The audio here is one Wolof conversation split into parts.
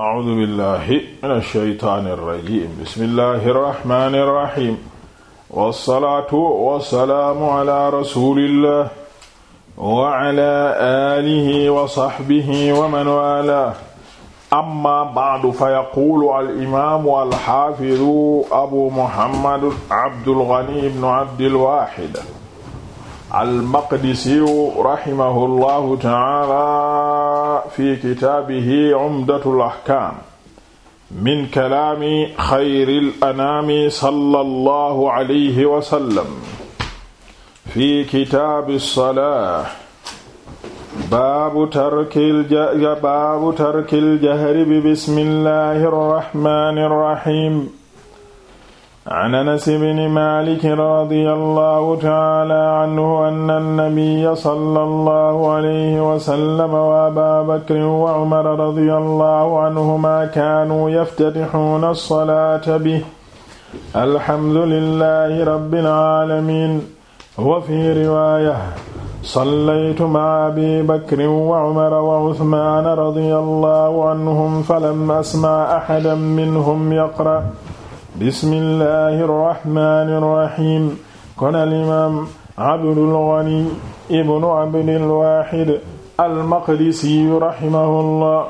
a'uudu billahi mina shaytaani rajiim bismillahi rahmaani rahiim wassalaatu wassalaamu ala rasuulillah wa ala aalihi wa sahbihi wa man waalaahu amma ba'du fa yaquulu al-imaamu al-haafidu abu muhammad abdul ghani ibnu abdil waahid al-maqdisi rahimahullahu ta'aala qaala fi kitaabihi umdatul ahkaam min kalaami xayril anaami sallallahu alayhi wa sallam fi kitaabi salaa baabu tarkil ja baabu tarkil jahri bi bismillahir rahmaanir rahiim an anas bni malik radiyallahu taala anhu anna annabiya sallallahu alayhi wasallam wa aba bakrin wa umara radiyallahu anhuma kaanuu yaftatixuuna alsalaata bi alhamdulillahi rabbil aalamiin wa fi riwaaya sallaytu ma'a abi bakrin wa umara wa usmaana radiyallahu anhum falam asma'a ahadan minhum yaqra bismillahi irrahmani irrahim kon alimaam abdul ghani ibnu abdilwahid almaqdisiyu rahimahullah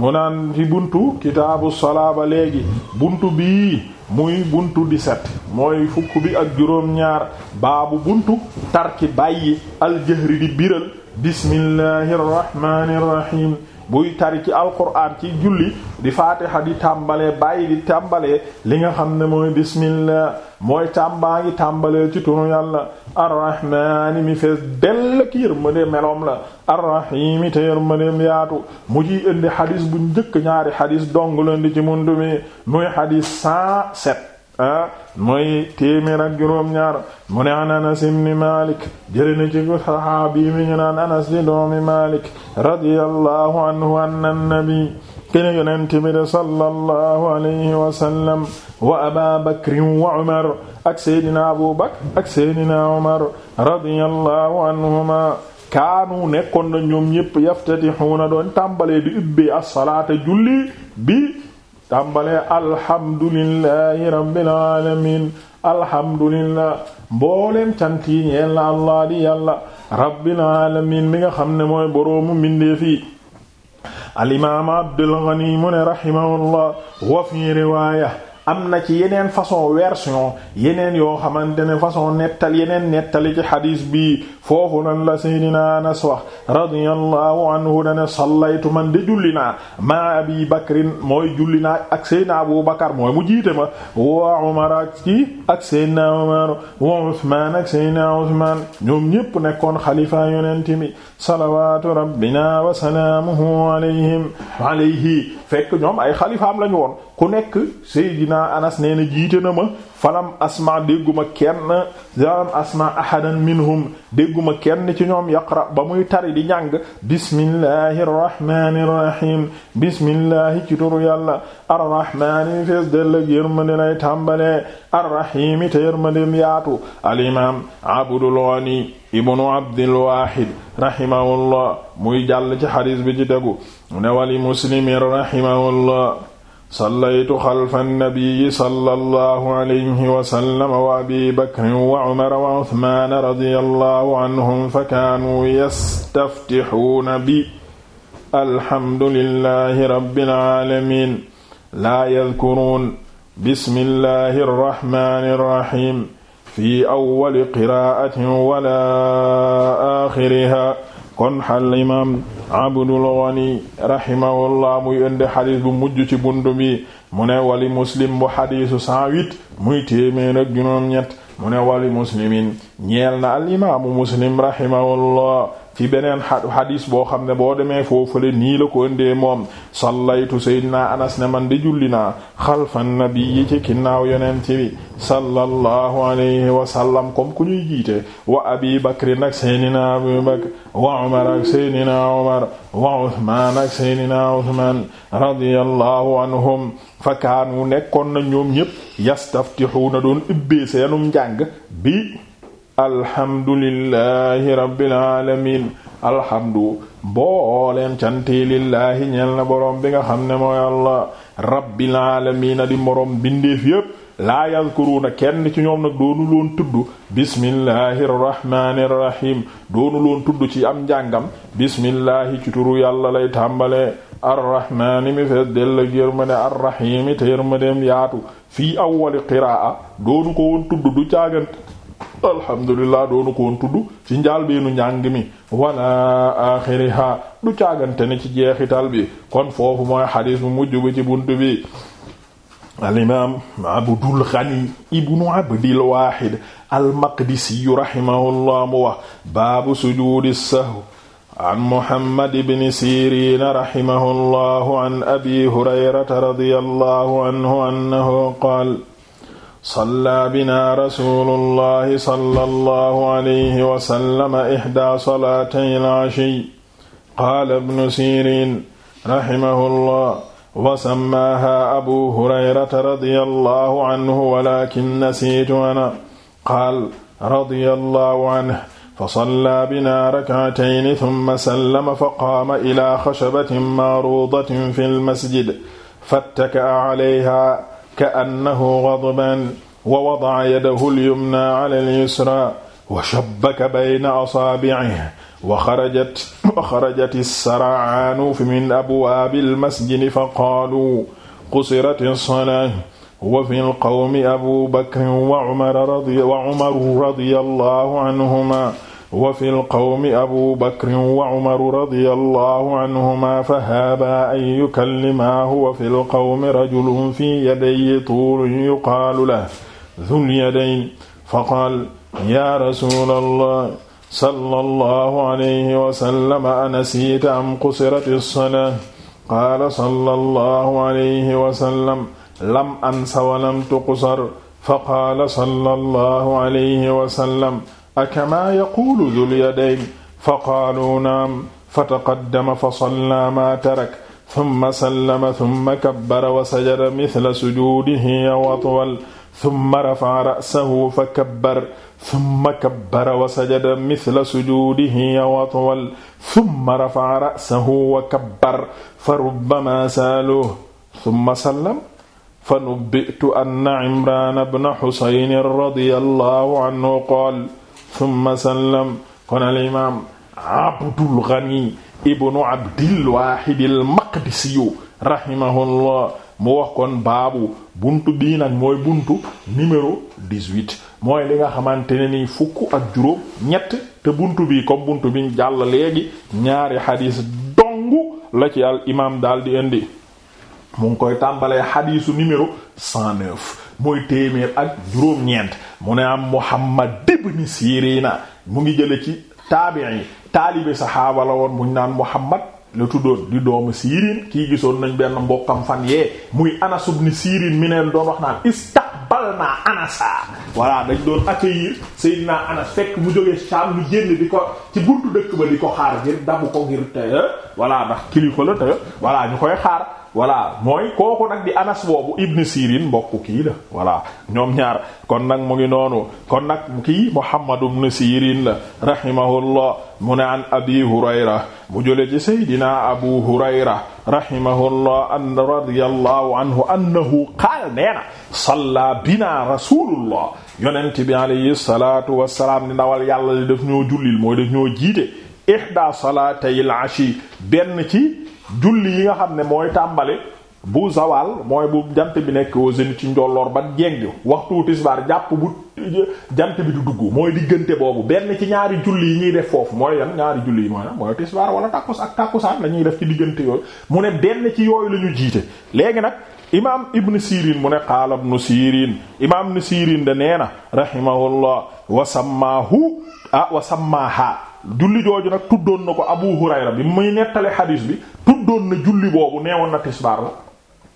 mu naan ci buntu kitaabu solaa ba léegi buntu bii muy buntu 17 mooy fukk bi ak juróom-ñaar baabu buntu tarki bàyyi aljëhri di biral bismillahi irrahmani irrahim buy tari ci alquran ci julli di faatiha di tàmbalee bàyyi di tàmbalee li nga xam ne mooy bismillah mooy tàmbaa ngi tàmbalee ci turu yàlla arrahmaani mi fees dell ki yërmande meloom la arrahimi te yërmandeem yaatu mu ciy indi xadis bu njëkk ñaari xadis dong la di ci mundu mi muy xadis 107 ah mooy téeméer ak juróom-ñaar mu ne an anas ibn malik jële na ci saxaabi mi ñu naan anas di doomi malik radiyallahu anhu anna nabi kene yonent bi de sallallahu alayhi wa sallam wa aba bakrin wa umar ak seydina abu bakr ak seydina umar radiyallahu anhuma kaanu nekkoon na ñoom ñépp yaftatixuuna doon tàmbalee di ubbee as-salaata julli bi tàmbalee alhamdulillahi rabbil alamin alhamdulillah mbooleem cant yi ñeel allah di yàlla rabbil alamin mi nga xam ne mooy boroomu mbindeef yi alimaam abdul ghani mu ne rahimahullah wa fi riwaaya am na ci yeneen façon version yeneen yoo xamante ne façon nettal yeneen nettali ci xadiis bi foofu nan la seydina anas wax radiyallahu anhu dane sallaytu man de julli ma abi bakrin mooy julli ak seydina abu bakar mooy mu jiite ma wa umar ak seydina umar wa usman ak seydina usman ñoom ñépp nekkoon xalifa yonent mi salawaatu rabbina wa salaamuhu alayhim fekk ñoom ay xalifaam lañu woon ku nekk Seydina Anas nee na jiite na ma falam asma dégguma kenn falam asma ahadan minhum dégguma kenn ci ñoom yaqra ba muy tari di jàng bismillahi rrahmani rrahim bismillahi ci turu yàlla arrahmani fees dellëg yërmande lay tàmbalee arrahimi Abdil Wahid rahimahullah muy jàll ci bi ci tegu wali muslimin rahimahullah sallaytu xalfa nnabiyi sallallahu alayhi wa sallam wa abi bakrin wa umara wa usmaana radiyallahu anhum fa kaanuu yastaftihuuna bi alhamdulillahi rabbil aalamiin laa yadkuruun bismillahi arrahmaani arrahiim fi awwali qiraa'atin wa laa aaxirihaa kon xal imaam Abdul Ghani rahimahullah muy indi xadis bu mujj ci buntu bi mu ne wali muslim bu xadisu 108 muy téeméer ak juróom-ñett mu ne wali muslimin ñeel na al muslim rahimahullah ci beneen xadis boo xam ne boo demee foofale nii la ko indee moom sallaytu sayyidina anas ne man di julli naa xalfan nabiyyi ci ginnaaw yonent bi sallallahu alayhi ku ñuy jiite wa abi bakr nak sayyidina abu wa umar ak sayyidina umar wa uthman ak sayyidina uthman radiyallahu anhum fa kaanu nekkoon na ñoom ñépp yastaftihuuna doon ubbee seenum njàng bi alhamdulillahi rabbil alamin alhamdu booleem cantii lillaahi ñeel na boroom bi nga xam ne mooy allah rabbil alamin di moroom bindeef yépp laa yazkuruuna kenn ci ñoom nag doonu loon tudd bismillahi rahmaani rahim doonu loon tudd ci am njàngam bismillahi ci turu yàlla lay tàmbalee arrahmaani mi fees dell ak yërmande arrahimi te yërmandeem yaatu fii awwali qiraa doonu ko woon tudd du caagant alhamdulilah doonu ko woon tudd ci njaalbeenu njàng mi wala axiriha du caagante ne ci jeexital bi kon foofu mooy xadis bu mujj ci bunt bi alimam abdul ghani ibnu abdil wahid almaqdisiyu rahimahullah mu wax baabu sujudi sahw an muhammad ibni sirina rahimahullah an abi hurayrata radiyallahu anhu annahu qaal sallaa binaa rasuulullahi sallallahu alayhi wa sallama ihdaa salaatay al-ashiy qaala ibnu siriin rahimahullah wa sammaahaa abu hurayrata radiyallahu anhu walaakin nasiitu ana qaal radiyallahu anhu fa sallaa binaa rak'atayni thumma sallama fa qaama ilaa khashabatin ma'ruudatin fil masjid fattaka'a alayhaa ka'annahu ghadban wa wada'a yadahu al-yumna 'ala al-yusra wa shabbaka bayna asaabi'ihi wa xarajat wa xarajat as-sar'aanu min abwaabi al-masjidi fa qaaluu qusirat as-salaatu wa fi al-qawmi Abu Bakrin wa Umar radiyallahu anhumaa wa fi lqawmi abu bakrin wa umaru radiyallahu anhuma fahaaba an yukallimaahu wa fi lqawmi rajulun fi yadayhi tuulun yuqaalu lahu dhul yadayn faqaal yaa rasuulallah sallallahu alayhi wa sallam anasiita am qusirat as-salaa qaala sallallahu alayhi wa sallam lam ansa wa lam tuqsar faqaala sallallahu alayhi wa sallam akamaa yaquulu dhul yadayn fa qaaluu naam fa taqaddama fa sallaa maa tarak thumma sallama thumma kabbara wa sajada mithla sujuudihi aw atwal thumma rafa'a ra'sahu fa kabbara thumma kabbara wa sajada mithla sujuudihi aw atwal thumma rafa'a ra'sahu wa kabbara fa rubbamaa saaluhu thumma sallama fa nubbi'tu anna Imraan ibna Husayn radiyallaahu anhu qaala summa sallam kon al imaam Abdul Ghani ibnu Abdil Waahidil Maqdisiyu rahimahullah mu wax kon baabu buntu bii nag mooy buntu numéro 18 mooy li nga xamante ne nii fukk ak juróom ñett te bunt bi comme buntu biñ jàll léegi ñaari xadiis dong la ci al imaam daal di indi mu koy tàmbalee xadiisu numéro mooy téeméer ak juróom-ñeent mu ne am Muhammad ibn Sirina mu ngi jële ci taabi'i taalibe sa la woon buñ naan Muhammad la tuddoon di doomu Sirin kii gisoon nañ benn mbokkam fan yee muy Anas ibn Sirin mi neen doon wax naan istaqbalna Anasa voilà dañ doon accueillir Seydina Anas fekk mu jógee Sham lu génn di ko ci buntu dëkk ba di ko xaar ngir dabu ko ngir te voilà ndax kilifa la te voilà ñu koy xaar voilà mooy kooku nag di anas boobu ibn sirin mbokk kii la voilà ñoom ñaar kon nag mu ngi noonu kon nag kii muhammad ibn sirin la rahimahullah mu ne an abi hurayra mu jële ci saydina abu hurayra rahimahullah an radiyallahu anhu annahu qaal neena salla bina rasulullah yonent bi alayhi salatu wasalaam ni ndawal yàlla def ñu ñoo jullil mooy daf ñoo jiite ihda salatayil ashi benn ci julli yi nga xam ne mooy tàmbali bu zawal mooy bu jant bi nekk au zénith ci njolloor ba jeng waxtu tisbaar jàpp bu jant bi du dugg mooy diggante boobu benn ci ñaari julli yi ñuy def foofu mooy yan ñaari julli yi mooy nag mooy tisbaar wala tàkkus ak tàkkusaan la ñuy def ci diggante yooyu mu ne benn ci yooyu la ñu jiite léegi nag imaam ibn sirin mu ne qaala ibn sirin imaam ibn sirin de nee na rahimahullah wasammaahu ah wasammaaha julli jooju nag tuddoon na ko Abu Hurayra bi mu muy nettali xadiis bi tuddoon na julli boobu neewoon na tisbaar la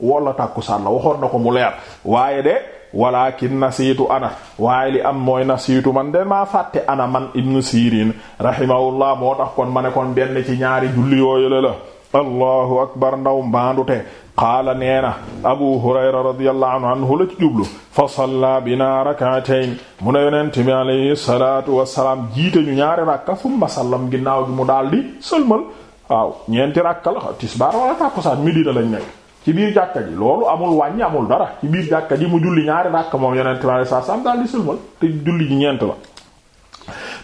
walla tàkkusaan la waxoon na ko mu leer waaye de walakin nasiitu ana waaye li am mooy nasiitu man de maa fàtte ana man ibnu Siiriin rahimahullah moo tax kon ma ne kon benn ci ñaari julli yooyu la la allahu akbar ndaw mbaandute qaala nee na abu hurayra radiyallahu anhu la ci jublu fa salla bina rak'atayn mu ne yonent bi alayhi salatu ñu ñaari rakka summa sallam ginnaaw gi mu daal di sëlmal waaw ñeenti rakka la tisbaar wala tàkkusaan midi da lañ nekk ci biir jàkka ji loolu amul wàññi amul dara ci biir jàkka ji mu julli ñaari rakka moom yonent bi alayhi salaam daal di sëlmal te julli ji ñeent la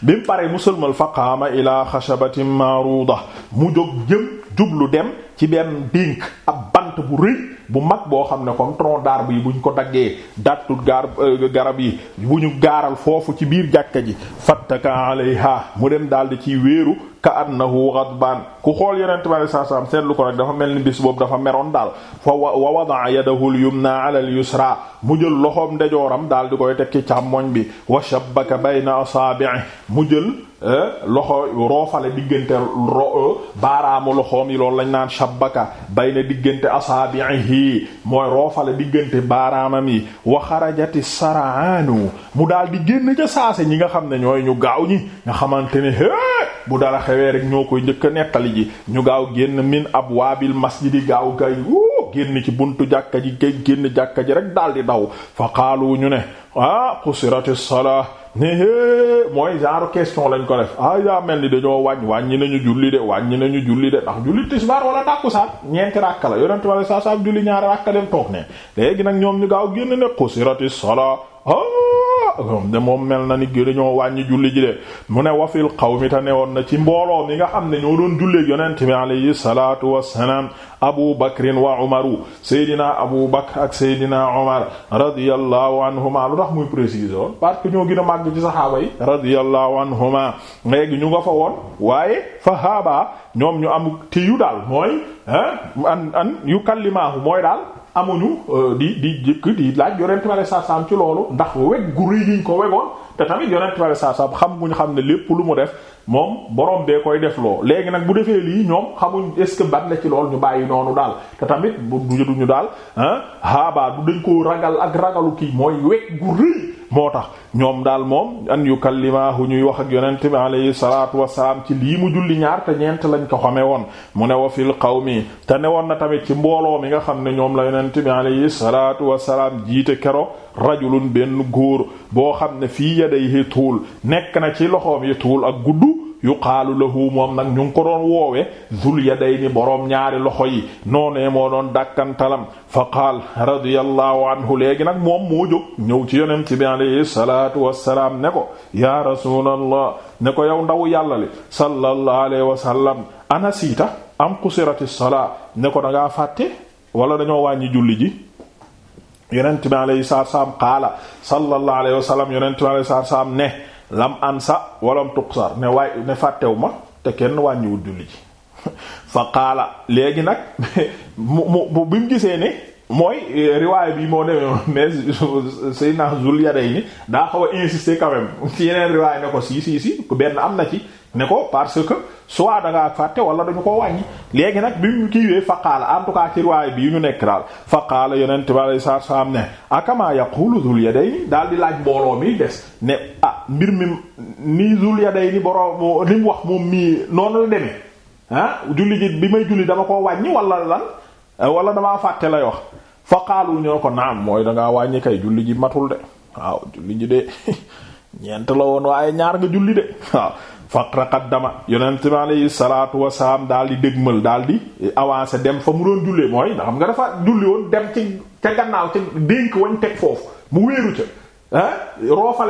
bi mu paree mu sëlmal fa qaama ila xashabatin maaruda mu jóg jublu dem ci benn dénk ab bant bu rëy bu mag boo xam ne comme tronc d'arbre yi bu ñu ko daggee dattu gar euh, garab yi bu ñu gaaral foofu ci biir jàkka ji fattaka alayha mu dem daldi ci wéeru ka annahu ghadban ku xool yonente bi alei sat seetlu ko nag dafa mel ni bis boobu dafa meroon daal fa wa wadaa yadahu al yumna ala yusra mu jël loxoom ndejooram daal di koy tekki càmmoñ bi ba shabbaka bayna asaabi'i mu jël Eh? loxo roofale diggante ro eh, baaraamu loxoom yi loolu lañ naan shabbaka bay na diggante asaabihi mooy roofale diggante baaraamam yi wa xarajati saraanu mu daal di génn ca saase ñi nga xam ne ñooy ñu gaaw ñi nga xamante ne eh, bu dara xewee rek ñoo koy njëkk a nettali ji ñu gaaw génn min abwaabil masjidi gaaw gay génn ci buntu jàkka ji génn jàkka ji rek daal di daw fa qaalu ñu ne ah qusirati salaa mooy genre question lañ ko def ah yaa mel ni dañoo wàññ wàññi nañu julli de wàññi nañu julli de ndax julli tisbaar wala tàkkusaan ñeenti ràkka la yonent wala saa saa julli ñaari ràkka dem toog ne léegi nag ñoom ñu gaaw génn ne xusirati sala ah! moom de moom mel na ni gi dañoo wàññi julli ji de mu ne wa wafil qawmi te woon na ci mbooloo mi nga xam ne ñoo doon julleeg yonent bi alayhi salaatu wassalaam abu bakrin wa umaru seydina abu bakr ak seydina umar radiyallahu anhuma lu tax muy préciser woon parce que ñoo gën a màgg ci saxaaba yi radiyallahu anhuma léegi ñu nga fa woon waaye fa haaba ñoom ñu am tiyu daal mooy ah an an yukallimaahu mooy daal amuñu euh, di di jëkk di laaj yonent bi alayhi salaam ci loolu ndax weg gu rëy giñ ko wegoon te tamit yonent bi alayhi salaam xam ñu xam ne lépp lu mu def moom borom bee koy def loo léegi nag bu defee lii ñoom xamuñ est-ce ban la ci lool ñu bàyyi noonu daal te tamit bu duñu daal ah haaba du dañ koo ragal ak ragalu kii mooy wekk gu rëy moo tax ñoom daal moom an yu kallimaahu ñuy wax ak yonent bi alayhi salaatu wasalaam ci lii mu julli ñaar te ñeent lañ ko xamee woon mu ne wa fil qawmi te ne woon na tamit ci mbooloo mi nga xam ne ñoom la yonent bi alayhi salaatu wasalaam jiite kero rajulun benn góor boo xam ne fii yadayhi tuul nekk na ci loxoom yi tuul ak guddu yuqaalu lahu moom nag ñu ko doon woowe zul yadayni boroom ñaari loxo yi noonee moo doon dàkkantalam fa qaal radiyallahu anhu léegi nag moom moo jóg ñëw ci yonent bi alayhi salaatu wassalaam ne ko yaa rasuulallah ne ko yow ndaw yàlla li sallallahu alayhi wasallam anasiita am qusirati salaa ne ko dangaa fàtte wala dañoo wàññi julli ji yonent bi alayhi salaatu salaam qaala sallallahu alayhi wa sallam yonent bi alayhi salaatu ne lam ansa walam tuqsar ne waay ne fàttew ma te kenn wàññiwul julli ji fa qaala léegi nag mu mu bi gisee ne mooy euh, riwaay bi moo demee mais Seydina Zul Yadayni daa xaw a insister quand même ci yeneen riwaay ne ko si si si benn am na ci ne ko parce que soit da ngaa fàtte wala dañu ko wàññi léegi nag bi mu kiiwee faqaala en tout cas ci riwaay bi yu ñu nekk daal faqaala yonent bi alayhi salaatu salaam ne akamaa yaqulu Zul Yadayni daal di laaj mbooloo mi des ne ah mbir mi nii Zul Yadayni borom li mu wax moom mii noonu la demee ah ji bi may julli dama koo wàññi wala lan. Eh, wala damaa fàtte lay wax fa qaalu ñu ne ko naam mooy dangaa wàññi kay julli ji matul de waaw julli ñu de ñeent la woon waaye ñaar nga julli de waaw faqra dama yonent bi alayhi salaatu wasalaam daal di dégmal daal di avancé dem fa mu doon jullee mooy xam nga dafa julli dem ci ca gannaaw teg foofu mu wéeru ca eh?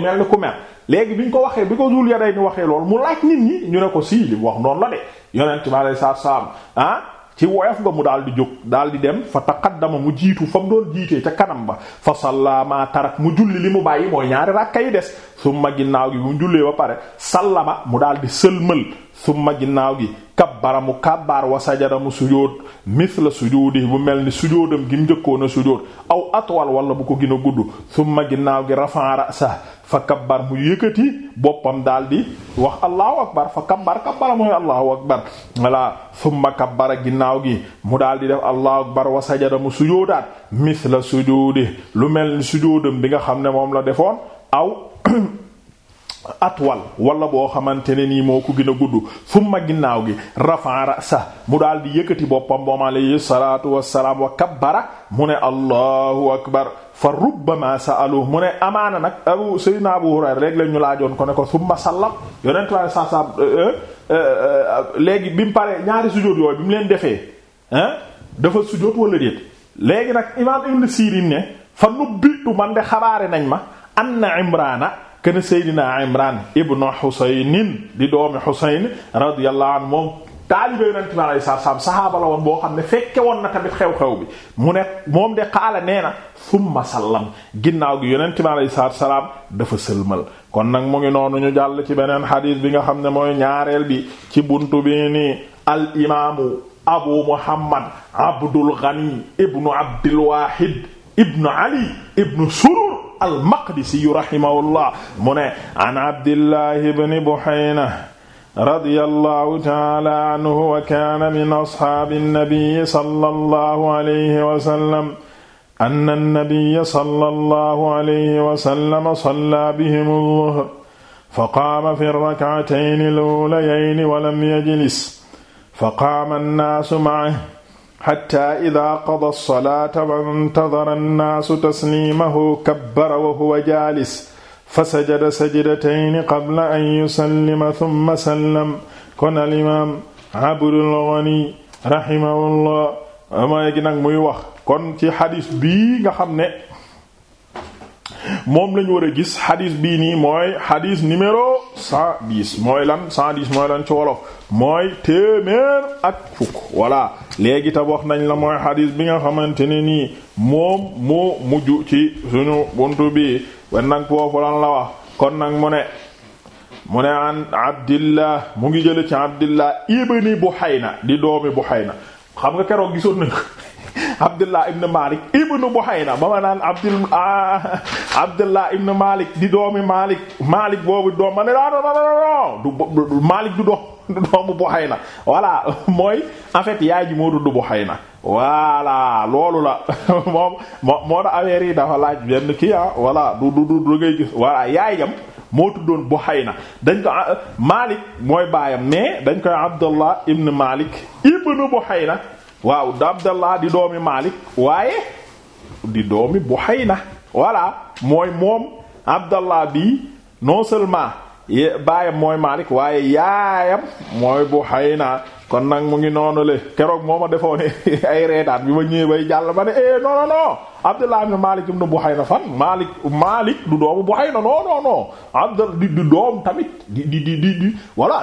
mel ni ku mel léegi bi ñu ko waxee bi ko dul ya day waxee loolu mu laaj ñu ne ko sii li wax noonu la de yonent bi alayhi ah ci woyof nga mu daal di jóg daal di dem fa taqaddama mu jiitu fa doon jiitee ca kanam ba fa sallama tarak mu julli li mu bàyyi mooy ñaari rakka yi des summa ginnaaw gi mu jullee ba pare sallama mu daal di sëlmal summa ginnaaw gi kabbara mu kabbaar wa sajada mu misla mithla sujóodi bu mel ni sujóodam gi mu njëkkoon a sujóot aw atwal wala bu ko gën a gudd summa ginnaaw gi rafa'a ra'sa fa kabbar mu yëkkati boppam daal di wax allahu akbar fa kabbar kabbara ginnaaw gi mu daal di def allahu mu sujoodaat misla lu mel ni bi nga xam ne moom la defoon aw atwal wala boo xamante ne nii moo ko gën mu daal di yëkkati boppam mu ne akbar fa rubbama sa'aluhu mu ne amaana nag abu sayyidina abu hurayra léegi la ñu laajoon ko ne ko summa sallam yonent waaye sa sa léegi bi mu paree ñaari sujjóot yooyu bi leen defee dafa sujjóot wala déet léegi nag imam ibn sirin ne fa nubbitu man de xabaare nañ ma anna imrana ken sayyidina imran ibnu husaynin di doomi husayn radiyallahu anhu taalibe yonent bi alayhi salaam saxaaba la boo xam ne fekke woon na tamit xew-xew bi mu ne moom de xaala nee na summa sallam ginnaaw gi yonent bi alayhi salaam dafa sëlmal kon nag mu ngi noonu ñu jàll ci beneen xadiis bi nga xam ne mooy ñaareel bi ci buntu bi nii al imaamu abu muhammad abdul ghani ibnu abdil wahid ibnu ali ibnu surur al maqdisi rahimahullah mu ne an abdillahi ibn buhayna radiyallahu ta'ala anhu wa kaana min asxaabi nabiyyi sallallahu alayhi wa sallam anna nabiyya sallallahu alayhi wa sallam sallaa bihim az-zuhr faqaama fi ar-rak'atayni al-awlayayni wa lam yajlis faqaama an-naasu ma'ahu xataa idaa qada as-salaata wa intadara an-naasu tasliimahu kabbara wa huwa jaalis fa sajada sajdatayni qabla an yusallima thumma sallam kon al imaam Abdul Ghani rahimahullah mooy gi nag muy wax kon ci xadiis bii nga xam ne moom lañu war a gis xadis bii nii mooy xadis numéro cent dix mooy lan cent dix mooy lan ci wolof mooy téeméer ak fukk voilà léegi ta wax nañ la mooy xadis bi nga xamante ne nii moom mu mujj ci suñu buntu bi wen nag foofu lan la wax kon nag mu ne mu ne an abdillah mu ngi jële ci abdillah ibni buhayna di doomi buhayna xam nga keroog gisoon nañ abdullah ibn malik ibn buhayna ba ma naan abdul ah, abdullah ibn malik di doomi malik malik boobu doom ma ne non du malik buhayna voilà mooy en fait yaay ji moo tudd buhayna voilà loolu la moo moo da affaire yi dafa laaj benn kii ah voilà du du Buhayna dañ ko ah, Malik mooy baayam mais dañ koy Abdullah ibn Malik ibn Buhayna waaw da Abdallah di doomi Malik waaye di doomi Buhayna voilà mooy moom Abdallah bi non seulement baayam mooy Malik waaye yaayam mooy Buhayna kon nag mu ngi noonu le keroog moo ma defoon ay reetaat bi ma ñëwee bay jàll ba ne eh non non non Abdullah ibn Malik ibn Buhayna fan Malik Malik du doomu Buhayna non non non Abdul di di doom tamit di di di di di voilà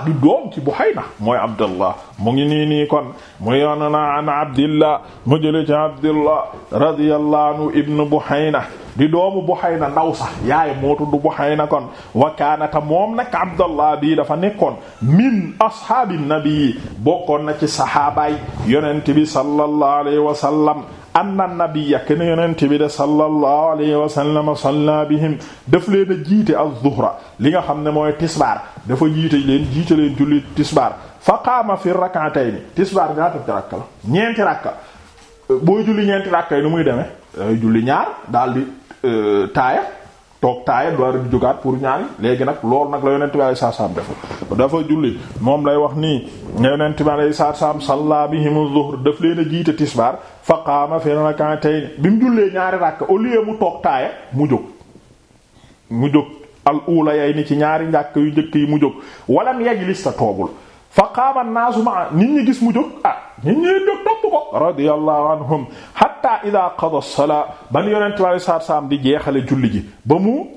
Buhayna mooy Abdullah mu ngi nii kon mu yoon na an Abdillah mu jële Abdullah radiyallahu anhu ibn Buhayna di doomu Buhayna ndaw sax yaay moo tudd Buhayna kon wa kaanata moom nag Abdallah bii dafa nekkoon min ashaabi nabi bokkoon na ci saxaabaay yonent bi sallallahu alayhi wa sallam anna nabiyya ken yonent bi de sallallahu alayhi wa sallam salla bihim daf leen a jiite az-zuhra li nga xam ne mooy tisbaar dafa jiite leen jiite leen julli tisbaar fa qaama fi rak'atayni tisbaar ñaata rakka la ñeenti rakka boo julli ñeenti rakka yi nu muy demee dangay julli ñaar daal di euh, taaya toog taaya door a jógaat pour ñaari léegi nag loolu nag la yonent bi alayhi salaam def dafa julli moom lay wax nii nga yonent bi alayhi salaam salla bihimu zuhr daf leen a jiite tisbaar fa a fi rak'atayn bi mu jullee ñaari ràkk au lieu mu toog taaya mu jóg mu jóg al uula yay ni ci ñaari njàkk yu njëkk yi mu jóg walam yajlis ta toogul fa qaama naasu nit ñi gis mu jóg ah nit ñi jóg tudd ko radiyallahu anhum hatta ida qada salaa ban yonent bi saar saam di jeexale julli ba mu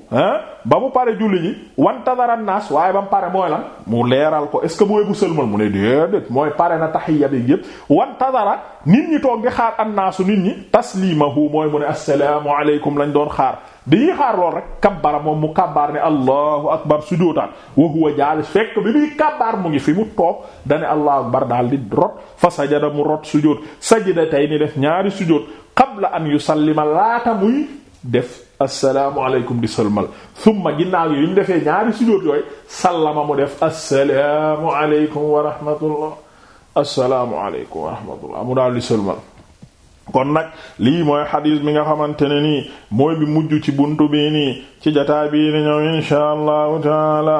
ba mu pare julli ji wantadara naas waaye ba mu pare mooy lan mu leeral ko est-ce que mooy bu sëlmal mu ne déedéet mooy pare na tahiyya bi yépp wantadara nit ñi toog di xaar annaasu nit ñi taslimahu mooy mu ne assalaamu aleykum lañ doon xaar bi xaar lool rek kabbara moom mu kabbaar ne allahu akbar sujootaan wa huwa jaalis fekk bi muy kabbaar mu ngi fi mu toog dane allahu akbar daal rot fa sajada mu rot sujoot sajdatayni def ñaari sujjóot qabla an yusallima laata muy def assalaamu alaykum di sëlmal thumma ginnaaw yi mu defee ñaari sujjóot yooyu sallama mu def assalaamu alaykum wa rahmatullah assalaamu alaykum wa rahmatullah mu daal di sëlmal kon nag lii mooy xadiis bi nga xamante ne ni mooy bi mujj ci buntu bii nii ci jataa bii ni ñëw insha allahu taala